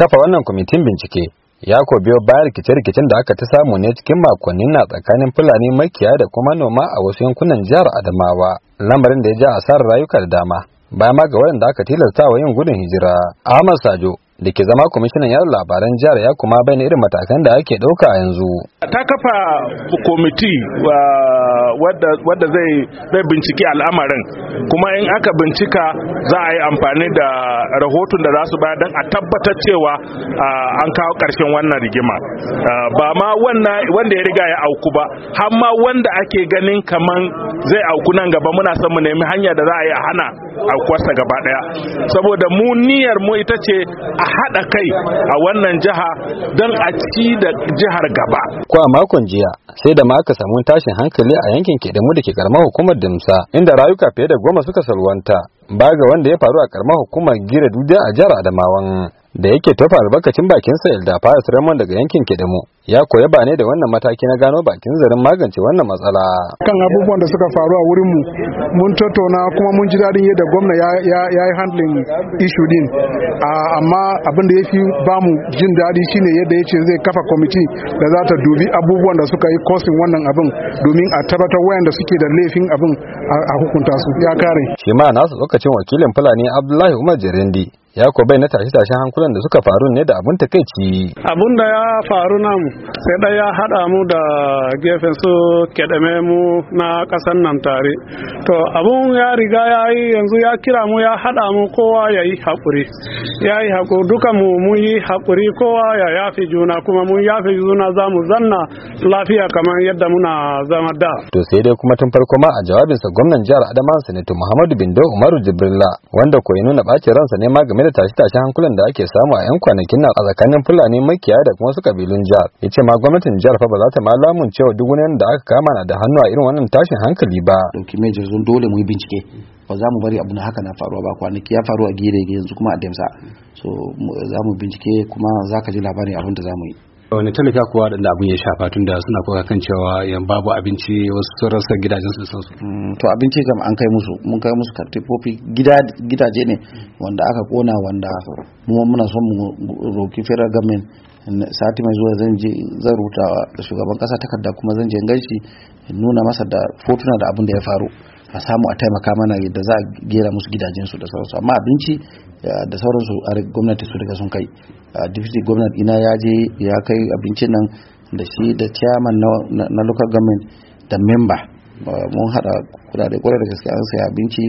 kafa wannan kwamitin bincike ya ko biyo bayan rikice-rikicen da aka ta samu ne cikin makonni na tsakanin fulani makiya da kuma noma a wasu yankunan jihar adamawa lamarin da ya ja a asarar rayuka da dama bayan ma ga waɗanda aka tilasta wa yin gudun hijira ahmad sajo da ke zama kwamishinan yadda labaran jihar ya kuma bayyana irin matakan da ake ɗauka a yanzu ta kafa kwamiti wadda zai binciki al'amarin kuma in aka bincika za a yi amfani da rahoton da za su baya don a tabbatar cewa an kawo ƙarshen wannan rigima ba ma wanda ya riga ya auku ba har ma wanda ake ganin kaman zai auku nan gaba muna son mu nemi hanya da za a yi a hana aukuwarsa gaba ɗaya saboda mu niyyar mu ita ce a haɗa kai a wannan jiha don a ci da jihar gaba ko a makon jiya sai da ma aka samu tashin hankali a yankin kedemu da ke karamar hukumar dimsa inda rayuka fiye da goma suka salwanta ba ga wanda ya faru a karamar hukumar gira dudiya a jihar adamawan da yake tofa albarkacin sa Ilda Faris Raymond daga yankin Kedemu ya koya ba ne da wannan mataki na gano bakin zarin magance wannan matsala. Kan abubuwan da suka faru a wurin mu mun tattauna kuma mun ji dadin yadda gwamna ya ya yi handling issue din. Amma abin da ya fi ba mu jin dadi shine yadda ya ce zai kafa kwamiti da za ta dubi abubuwan da suka yi kosin wannan abin domin a tabbatar wayanda suke da laifin abin a hukunta su ya kare. Shi ma nasu lokacin wakilin Fulani Abdullahi Umar Jerendi ya ko bai na tashi tashi hankulan da suka faru ne da abun takeici abun da ya faru nan sai da ya hada mu da gefen su kedeme mu na kasan nan tare to abun ya riga ya yi yanzu ya kira mu ya hada mu kowa ya yi hakuri ya yi hakuri duka mu mun yi hakuri kowa ya yafi juna kuma mun yafi juna za mu zanna lafiya kamar yadda muna zama da to sai dai kuma tun farko ma a jawabinsa gwamnan jihar Adamawa Sanatu Muhammadu Bindo Umaru Jibrilla wanda ko ya nuna bacin ransa ne ma game da tashi tashen hankulan da ake samu a 'yan kwanakin nan a tsakanin Fulani makiya da kuma su kabilun jihar. Ya ce ma gwamnatin jihar fa ba za ta ma lamun cewa duk wani da aka kama na da hannu a irin wannan tashin hankali ba. Dauki major dole mu yi bincike ba za mu bari abu na haka na faruwa ba kwanaki ya faru a gire yanzu kuma a Demsa. So za mu bincike kuma za ka ji labarin abin da za mu yi. wani talaka kuwa da abin ya shafa tun da suna kuka kan cewa yan babu abinci wasu sun rasa gidajen su sun su mm, to abinci kam an kai musu mun kai musu kartifofi gidaje ne wanda aka kona wanda mu muna son mu roki federal government sati mai zuwa zan je zan rubuta shugaban kasa takarda kuma zan je ganshi nuna masa da fotuna da abin da ya faru a samu a taimaka mana yadda za a gera musu gidajensu da sauransu amma abinci eh, da sauransu a gwamnati su daga sun kai eh, deputy gwamnati ina ya je ya kai abinci nan da shi da chairman na local government da member eh, mun hada kudade kwarai da gaske an saya abinci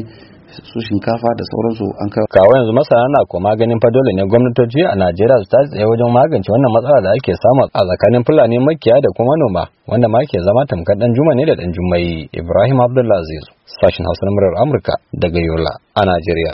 su shinkafa da sauransu an kawo kawo yanzu masana na koma ganin fa dole ne gwamnatoci a Najeriya su ta tsaye wajen magance wannan matsala da ake samu a tsakanin Fulani makiya da kuma Noma, wanda ma ke zama tamkar dan juma ne da dan jummai Ibrahim Abdullahi Aziz sashin Hausa na Amurka daga Yola a Najeriya